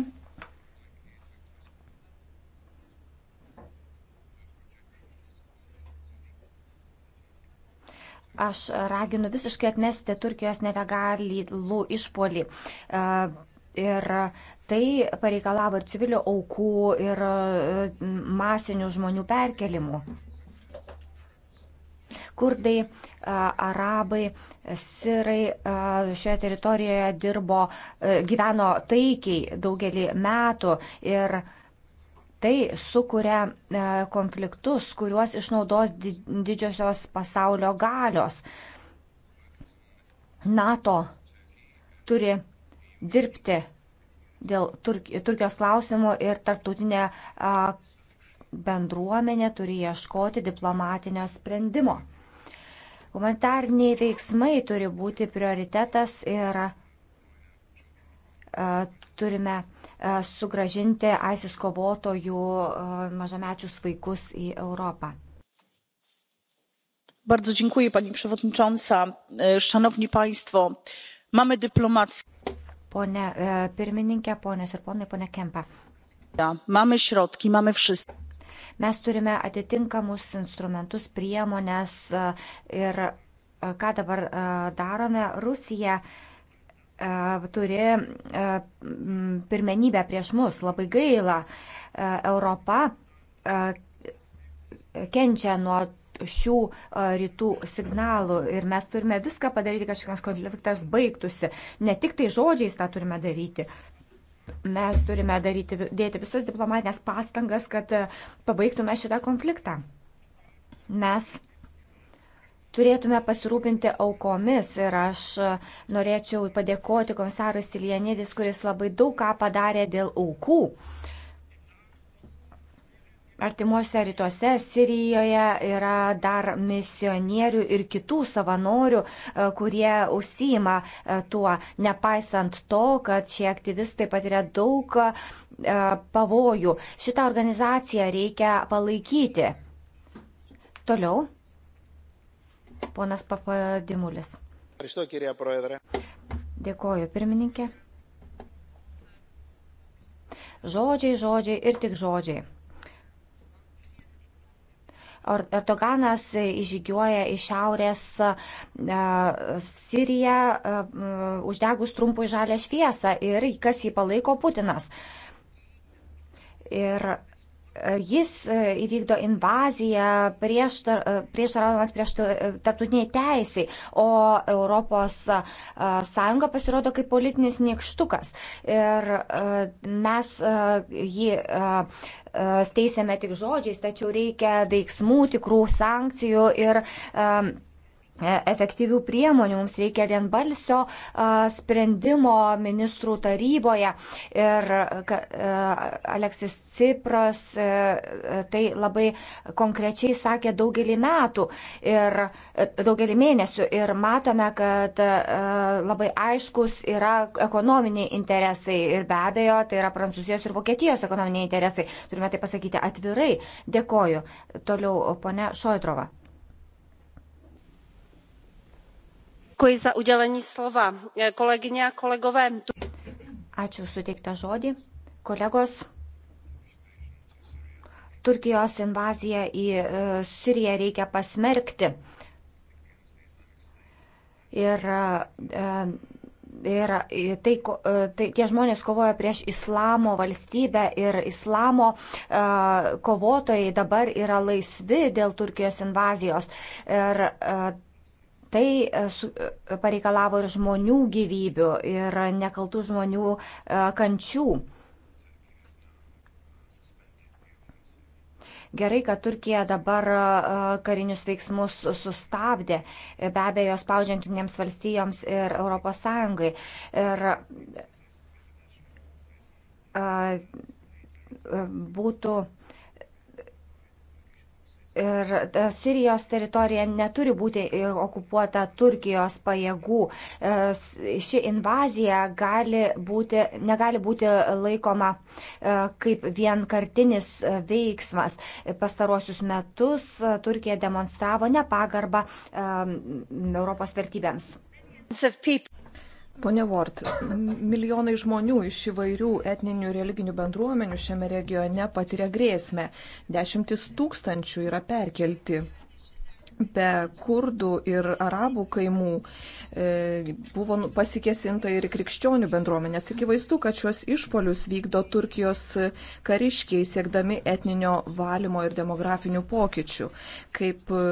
Aš raginu visiškai atmesti Turkijos nelegalų išpolį. E, ir tai pareikalavo ir civilių aukų, ir e, masinių žmonių perkelimų kurdai, arabai, sirai šioje teritorijoje dirbo, gyveno taikiai daugelį metų ir tai sukuria konfliktus, kuriuos išnaudos didžiosios pasaulio galios. NATO turi dirbti dėl Turk Turkijos klausimų ir tarptautinė bendruomenė turi ieškoti diplomatinio sprendimo. Humanitariniai veiksmai turi būti prioritetas ir e, turime e, sugražinti aisis kovotojų e, mažamečius vaikus į Europą. Bardzo dziękuję pani przewodnicząca. Szanowni państwo, mamy dyplomację. Pone pirmininkė, ponės ir ponai, pone Kempa. Mamy środki, mamy wszystko. Mes turime atitinkamus instrumentus, priemonės e, ir e, ką dabar e, darome. Rusija turi pirmenybę prieš mus. Labai gaila. Europa kenčia nuo šių rytų signalų ir mes turime viską padaryti, kad šis konfliktas baigtųsi. Ne tik tai žodžiais tą turime daryti. Mes turime daryti, dėti visas diplomatinės pastangas, kad e, pabaigtume šitą konfliktą. Mes turėtume pasirūpinti aukomis ir aš e, norėčiau padėkoti komisarui Stilienidis, kuris labai daug ką padarė dėl aukų. Uh, Artimuose rytuose Sirijoje yra dar misionierių ir kitų savanorių, e, kurie užsima e, tuo, nepaisant to, kad šie aktyvistai patiria daug e, pavojų. Šitą organizaciją reikia palaikyti. Toliau. Ponas Papadimulis. Dėkoju, pirmininkė. Žodžiai, žodžiai ir tik žodžiai. Erdoganas įžygiuoja į šiaurės e, Siriją, e, uždegus trumpui žalę šviesą ir kas jį palaiko Putinas. Ir jis e, įvykdo invaziją e, prieštaraujamas prieš, prieš tarptautiniai teisiai, o Europos e, Sąjunga pasirodo kaip politinis niekštukas. Ir mes jį steisėme tik žodžiais, tačiau reikia veiksmų, tikrų sankcijų ir E, efektyvių priemonių, mums reikia vienbalsio sprendimo ministrų taryboje ir e, Aleksis Cipras e, tai labai konkrečiai sakė daugelį metų ir daugelį mėnesių ir matome, kad labai aiškus yra ekonominiai interesai ir be abejo tai yra Prancūzijos ir Vokietijos ekonominiai interesai. Turime tai pasakyti atvirai. Dėkoju. Toliau, ponia Šoitrova. Ačiū suteiktą žodį. Kolegos, Turkijos invaziją į e, Siriją reikia pasmerkti. Ir, e, ir e, tai, tai tie žmonės kovoja prieš islamo valstybę ir islamo kovotojai dabar yra laisvi dėl Turkijos invazijos. Ir Tai e, e, pareikalavo ir žmonių gyvybių, ir nekaltų žmonių e, kančių. Gerai, kad Turkija dabar karinius veiksmus sustabdė, be abejo, spaudžiant jungtinėms valstijoms ir ES. Ir būtų Ir e, Sirijos teritorija neturi būti e, okupuota Turkijos pajėgų. E, ši invazija gali būti, negali būti laikoma kaip vienkartinis veiksmas. Pastaruosius metus Turkija demonstravo nepagarbą Europos vertybėms. Pone Vort, milijonai žmonių iš įvairių etninių ir religinių bendruomenių šiame regione patiria grėsmę. Dešimtis tūkstančių yra perkelti. Be kurdų ir arabų kaimų e, buvo nu, pasikesinta ir krikščionių bendruomenės. Akivaizdu, kad šios išpolius vykdo Turkijos kariškiai siekdami etninio valymo ir demografinių pokyčių. Kaip e,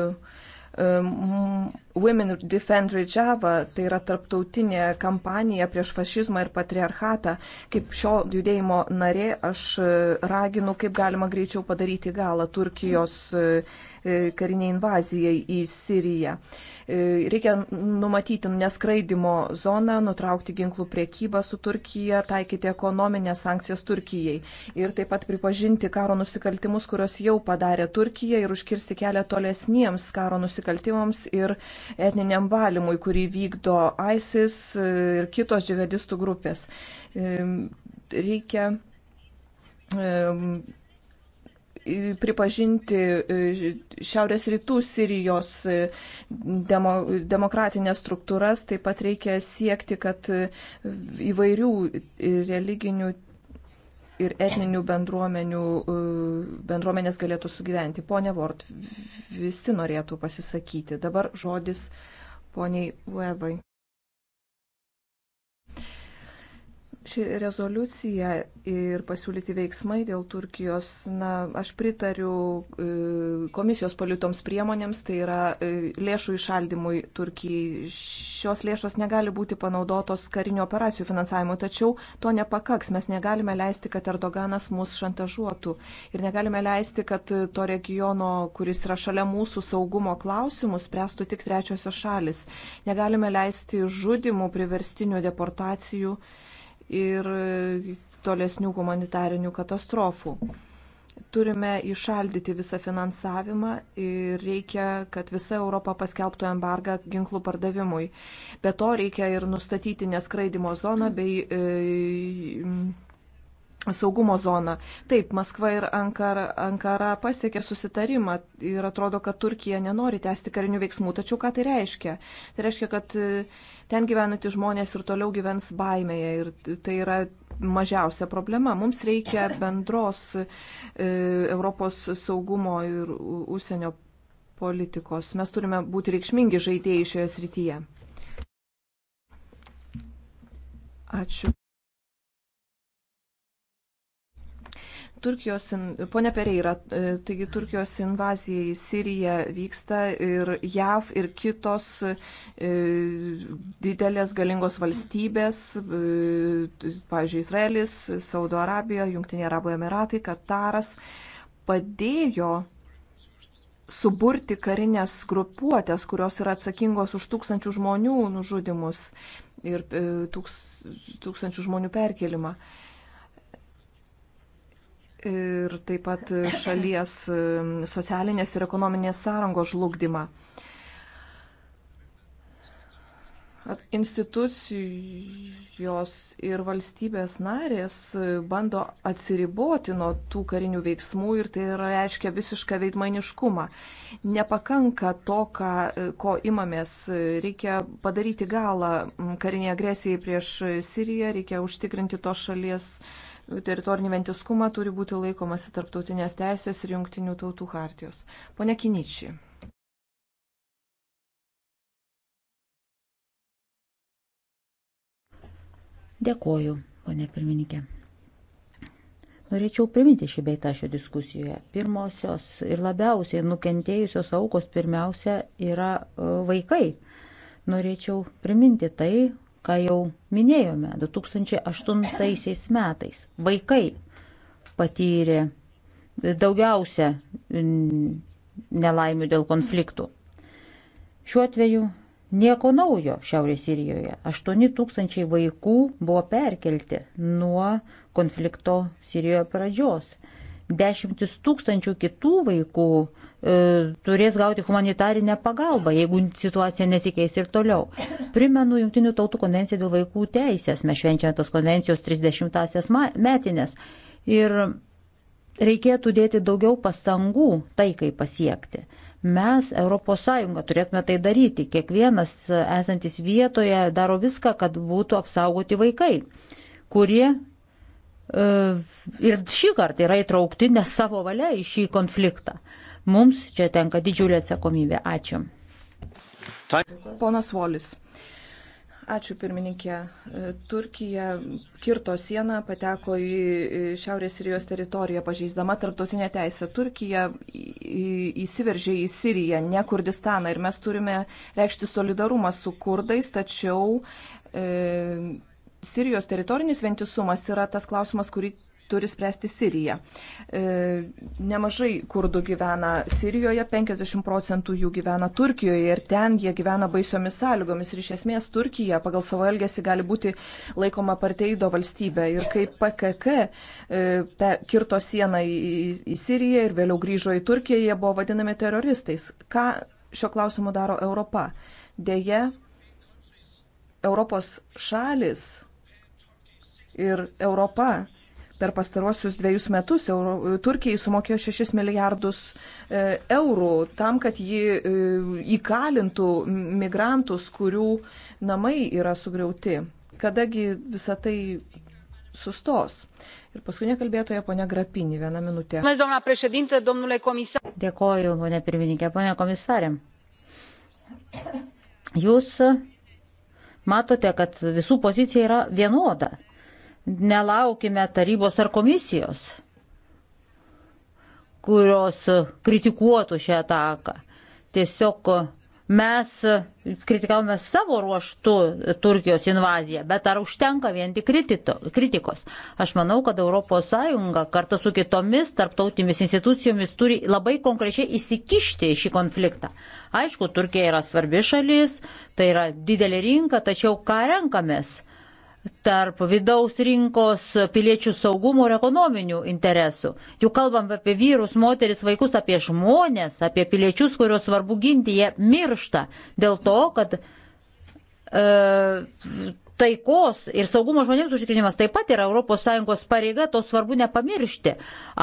Women Defend Rojava, tai yra tarptautinė kampanija prieš fašizmą ir patriarchatą. Kaip šio judėjimo narė aš e, raginu, kaip galima greičiau padaryti galą Turkijos e, e, kariniai invazijai į Siriją. Reikia numatyti neskraidimo zoną, nutraukti ginklų priekybą su Turkija, taikyti ekonominės sankcijas Turkijai ir taip pat pripažinti karo nusikaltimus, kuriuos jau padarė Turkija ir užkirsti kelią tolesniems karo nusikaltimams nusikaltimams ir etniniam valymui, kurį vykdo ISIS ir kitos džihadistų grupės. Reikia pripažinti e, šiaurės rytų Sirijos e, demo, demokratinės struktūras, taip pat reikia siekti, kad e, įvairių religinių ir etninių bendruomenių e, bendruomenės galėtų sugyventi. Pone Vort, visi norėtų pasisakyti. Dabar žodis poniai Uevai. Ši rezoliucija ir pasiūlyti veiksmai dėl Turkijos, na, aš pritariu e, komisijos paliutoms priemonėms, tai yra e, lėšų išaldymui Turkijai. Šios lėšos negali būti panaudotos karinio operacijų finansavimui, tačiau to nepakaks. Mes negalime leisti, kad Erdoganas mus šantažuotų ir negalime leisti, kad to regiono, kuris yra šalia mūsų saugumo klausimų, spręstų tik trečiosios šalis. Negalime leisti žudimų, priverstinių deportacijų ir tolesnių humanitarinių katastrofų. Turime išaldyti visą finansavimą ir reikia, kad visa Europa paskelbtų embargą ginklų pardavimui. Be to reikia ir nustatyti neskraidimo zoną bei e, saugumo zoną. Taip, Maskva ir Ankara, Ankara pasiekė susitarimą ir atrodo, kad Turkija nenori tęsti karinių veiksmų. Tačiau ką tai reiškia? Tai reiškia, kad e, ten gyvenantys žmonės ir toliau gyvens baimėje ir tai yra mažiausia problema. Mums reikia bendros e, Europos saugumo ir užsienio politikos. Mes turime būti reikšmingi žaidėjai šioje srityje. Ačiū. Turkijos, ponia Pereira, e, taigi Turkijos invazija į Siriją vyksta ir JAV ir kitos e, didelės galingos valstybės, e, pavyzdžiui, Izraelis, Saudo Arabija, Junktinė Arabų Emiratai, Kataras padėjo suburti karinės grupuotės, kurios yra atsakingos už tūkstančių žmonių nužudimus ir e, tūks, tūkstančių žmonių perkelimą. E, ir taip pat šalies socialinės ir ekonominės sąrangos žlugdymą. At institucijos ir valstybės narės bando atsiriboti nuo tų karinių veiksmų ir tai reiškia visišką veidmainiškumą. Nepakanka to, ką, ko imamės. Reikia padaryti galą kariniai agresijai prieš Siriją, reikia užtikrinti tos šalies uh, teritorinį mentiskumą turi būti laikomasi tarptautinės teisės ir jungtinių tautų hartijos. Pone Kiničiai. Dėkoju, ponė pirmininkė. Norėčiau priminti šį beitą šio diskusijoje. Pirmosios ir labiausiai nukentėjusios aukos pirmiausia yra e, vaikai. Norėčiau priminti tai, ką jau minėjome, 2008 metais vaikai patyrė daugiausia nelaimių dėl konfliktų. Šiuo atveju nieko naujo Šiaurės Sirijoje. 8 tūkstančiai vaikų buvo perkelti nuo konflikto Sirijoje pradžios dešimtis tūkstančių kitų vaikų e, turės gauti humanitarinę pagalbą, jeigu situacija nesikeis ir toliau. Primenu Junktinių tautų konvenciją dėl vaikų teisės, mes švenčiame tos konvencijos 30-asias metinės. Ir reikėtų dėti daugiau pastangų taikai pasiekti. Mes, ES, turėtume tai daryti. Kiekvienas esantis vietoje daro viską, kad būtų apsaugoti vaikai, kurie E, ir šį kartą yra įtraukti ne savo valia į šį konfliktą. Mums čia tenka didžiulė atsakomybė. Ačiū. Ponas Volis. Ačiū pirmininkė. E, Turkija kirto sieną, pateko į Šiaurės Sirijos teritoriją, pažeisdama tarptautinę teisę. Turkija įsiveržė į Siriją, ne Kurdistaną. Ir mes turime reikšti solidarumą su kurdais, tačiau e, Sirijos teritorinis vientisumas yra tas klausimas, kurį turi spręsti Sirija. E, nemažai kurdų gyvena Sirijoje, 50 procentų jų gyvena Turkijoje ir ten jie gyvena baisiomis sąlygomis. Ir iš esmės Turkija pagal savo elgesį gali būti laikoma parteido valstybė. Ir kai PKK e, kirto sieną į Siriją ir vėliau grįžo į Turkiją, jie buvo vadinami teroristais. Ką šio klausimu daro Europa? Deja, Europos šalis ir Europa per pastaruosius dviejus metus euro, Turkijai sumokėjo 6 milijardus e, eurų tam, kad ji e, įkalintų migrantus, kurių namai yra sugriauti. Kadagi visa tai sustos. Ir paskutinė kalbėtoja ponia Grapinį, vieną minutę. Dėkoju, ponia pirmininkė, ponia komisarė. Jūs matote, kad visų pozicija yra vienoda Nelaukime tarybos ar komisijos, kurios kritikuotų šią ataką. Tiesiog mes kritikavome savo ruoštų Turkijos invaziją, bet ar užtenka vien tik kritito, kritikos? Aš manau, kad ES kartu su kitomis tarptautimis institucijomis turi labai konkrečiai įsikišti į šį konfliktą. Aišku, Turkija yra svarbi šalis, tai yra didelė rinka, tačiau ką renkamės? tarp vidaus rinkos, piliečių saugumo ir ekonominių interesų. Juk kalbam apie vyrus, moteris, vaikus, apie žmonės, apie piliečius, kuriuos svarbu ginti, jie miršta dėl to, kad e, taikos ir saugumo žmonėms užtikrinimas taip pat yra ES pareiga, to svarbu nepamiršti.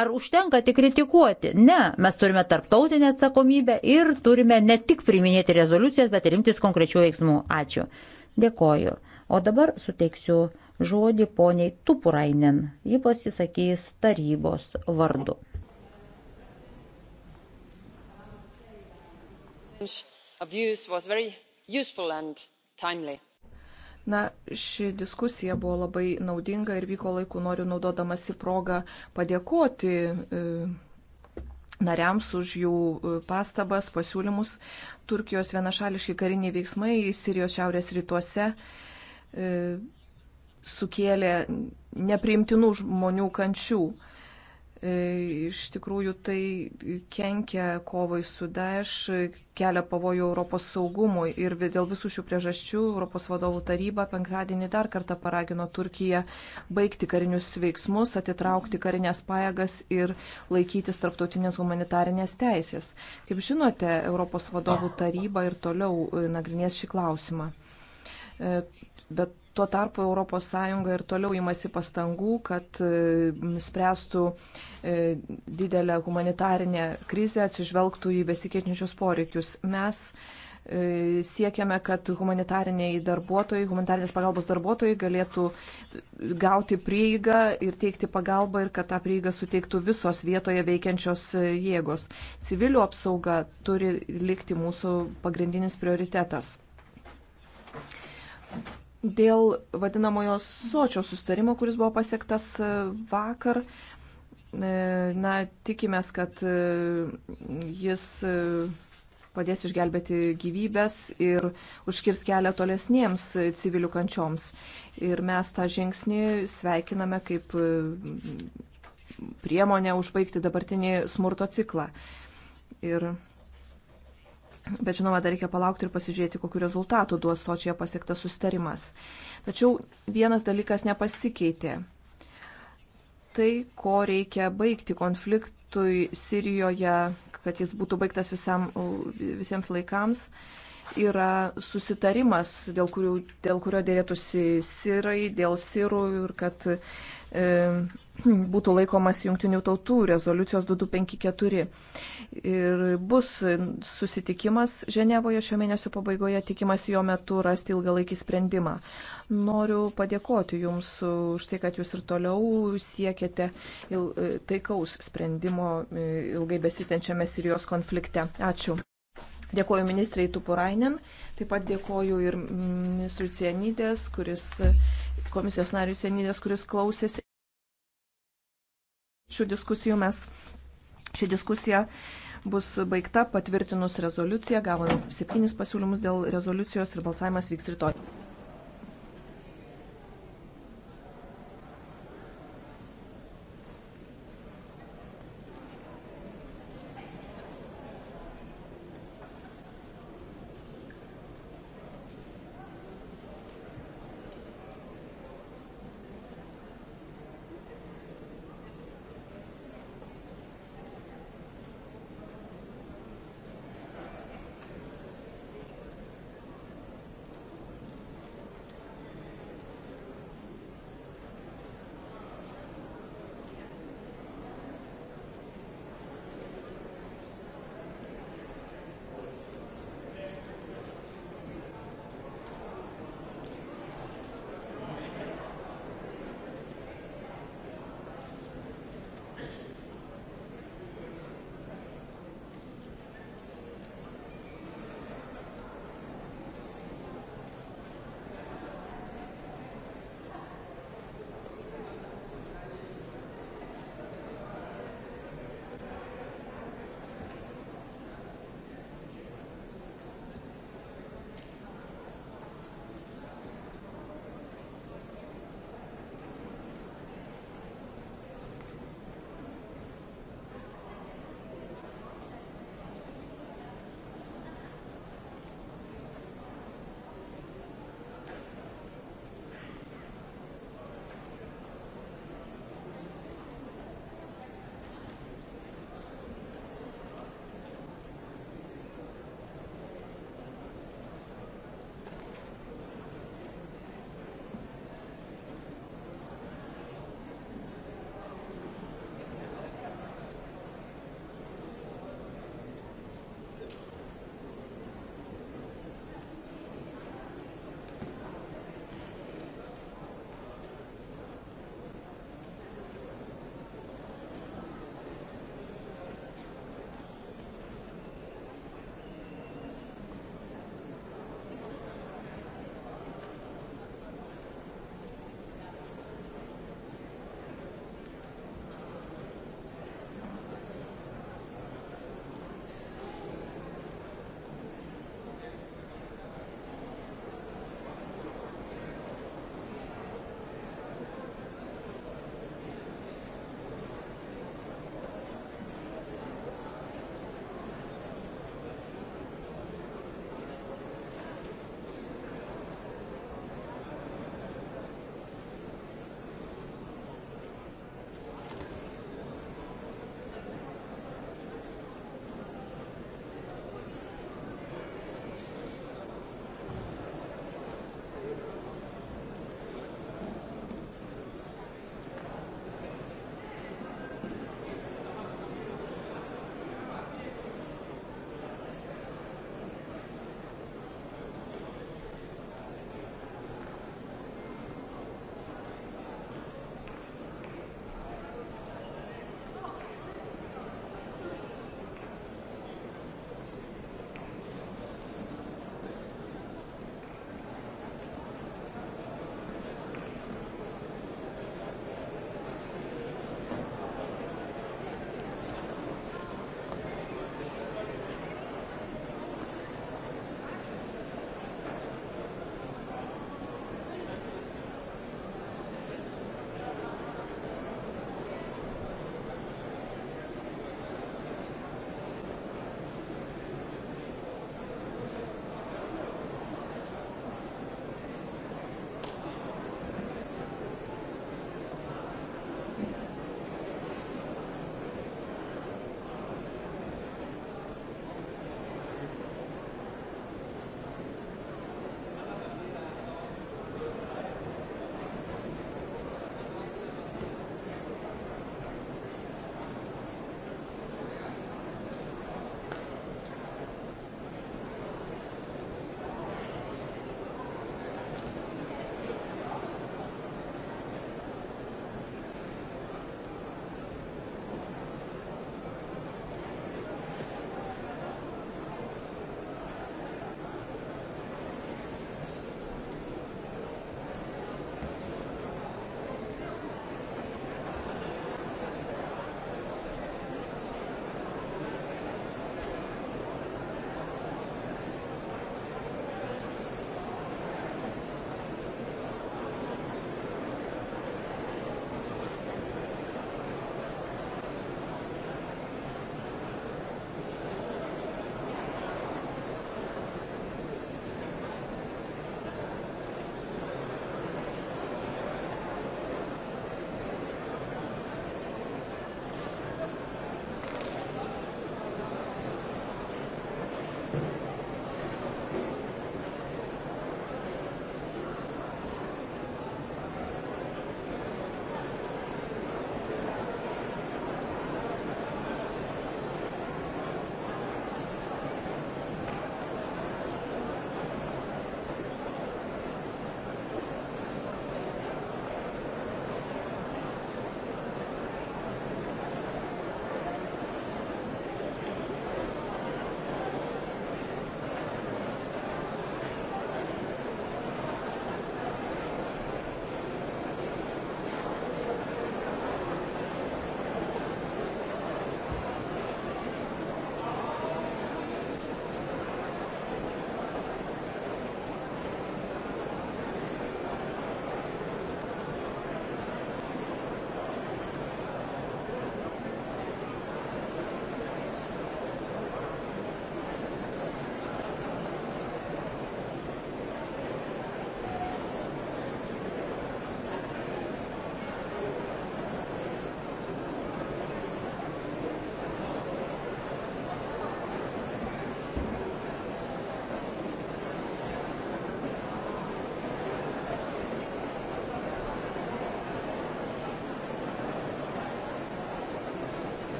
Ar užtenka tik kritikuoti? Ne, mes turime tarptautinę atsakomybę ir turime ne tik priiminėti rezoliucijas, bet ir imtis konkrečių veiksmų. Ačiū. Dėkoju. O dabar suteiksiu žodį poniai Tupurainen. Ji pasisakys tarybos vardu. Na, ši diskusija buvo labai naudinga ir vyko laiku. Noriu naudodamasi progą padėkoti e, nariams už jų e, pastabas, pasiūlymus. Turkijos vienašališki kariniai veiksmai Sirijos šiaurės rytuose E, sukėlė nepriimtinų žmonių kančių. E, iš tikrųjų tai kenkia kovai su Daesh, kelia pavojų Europos saugumui ir dėl visų šių priežasčių Europos vadovų taryba penktadienį dar kartą paragino Turkiją baigti karinius veiksmus, atitraukti karinės pajėgas ir laikytis tarptautinės humanitarinės teisės. Kaip žinote, Europos vadovų taryba ir toliau e, nagrinės šį klausimą Bet tuo tarpu ES ir toliau imasi pastangų, kad e, spręstų e, didelę humanitarinę krizę, atsižvelgtų į besikeitinčius poreikius. Mes e, siekiame, kad humanitariniai darbuotojai, humanitarinės pagalbos darbuotojai galėtų gauti prieigą ir teikti pagalbą ir kad tą prieigą suteiktų visos vietoje veikiančios jėgos. Civilių apsauga turi likti mūsų pagrindinis prioritetas dėl vadinamojo sočio sustarimo, kuris buvo pasiektas e, vakar. E, na, tikimės, kad e, jis padės išgelbėti gyvybės ir užkirs kelią tolesniems civilių kančioms. Ir mes tą žingsnį sveikiname kaip priemonę užbaigti dabartinį smurto ciklą. Ir Bet žinoma, dar reikia palaukti ir pasižiūrėti, kokiu rezultatu duos Sočioje pasiektas sustarimas. Tačiau vienas dalykas nepasikeitė. Tai, ko reikia baigti konfliktui Sirijoje, kad jis būtų baigtas visam, visiems laikams, yra susitarimas, dėl, kurių, dėl kurio dėrėtųsi sirai, dėl sirų ir kad e, būtų laikomas jungtinių tautų rezoliucijos 2254. Ir bus susitikimas Ženevoje šio mėnesio pabaigoje, tikimasi jo metu rasti ilgalaikį sprendimą. Noriu padėkoti Jums už tai, kad Jūs ir toliau siekiate il, taikaus sprendimo e, ilgai besitenčiame Sirijos konflikte. Ačiū. Dėkoju ministrai Tupurainen, taip pat dėkoju ir ministrui Cienydės, kuris, komisijos nariui Cienydės, kuris klausėsi. Šių diskusijų mes, ši diskusija bus baigta patvirtinus rezoliuciją, gavome septynis pasiūlymus dėl rezoliucijos ir balsavimas vyks rytoj.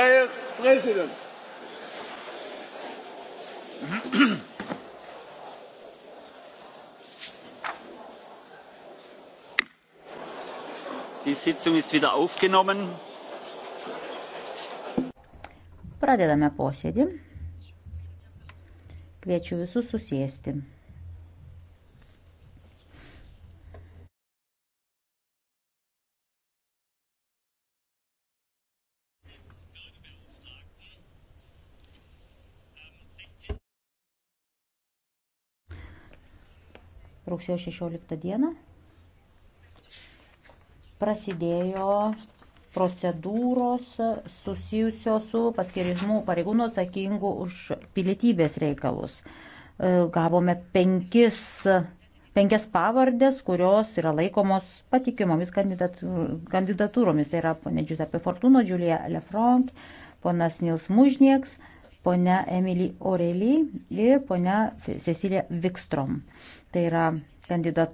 Dear President. Die Sitzung ist wieder aufgenommen. Pradedame posėdį. Kviečiu visus susėsti. rugsėjo 16 dieną prasidėjo procedūros susijusios su paskirizmu pareigūnų atsakingų už pilietybės reikalus. E, gavome penkis, penkias pavardės, kurios yra laikomos patikimomis kandidatūromis. Tai yra ponė Giuseppe Fortuno, Julia Lefranc, ponas Nils Mužnieks, ponia Emily Orely ir ponia Cecilija Vikstrom. Uh, Tai yra kandidatūra.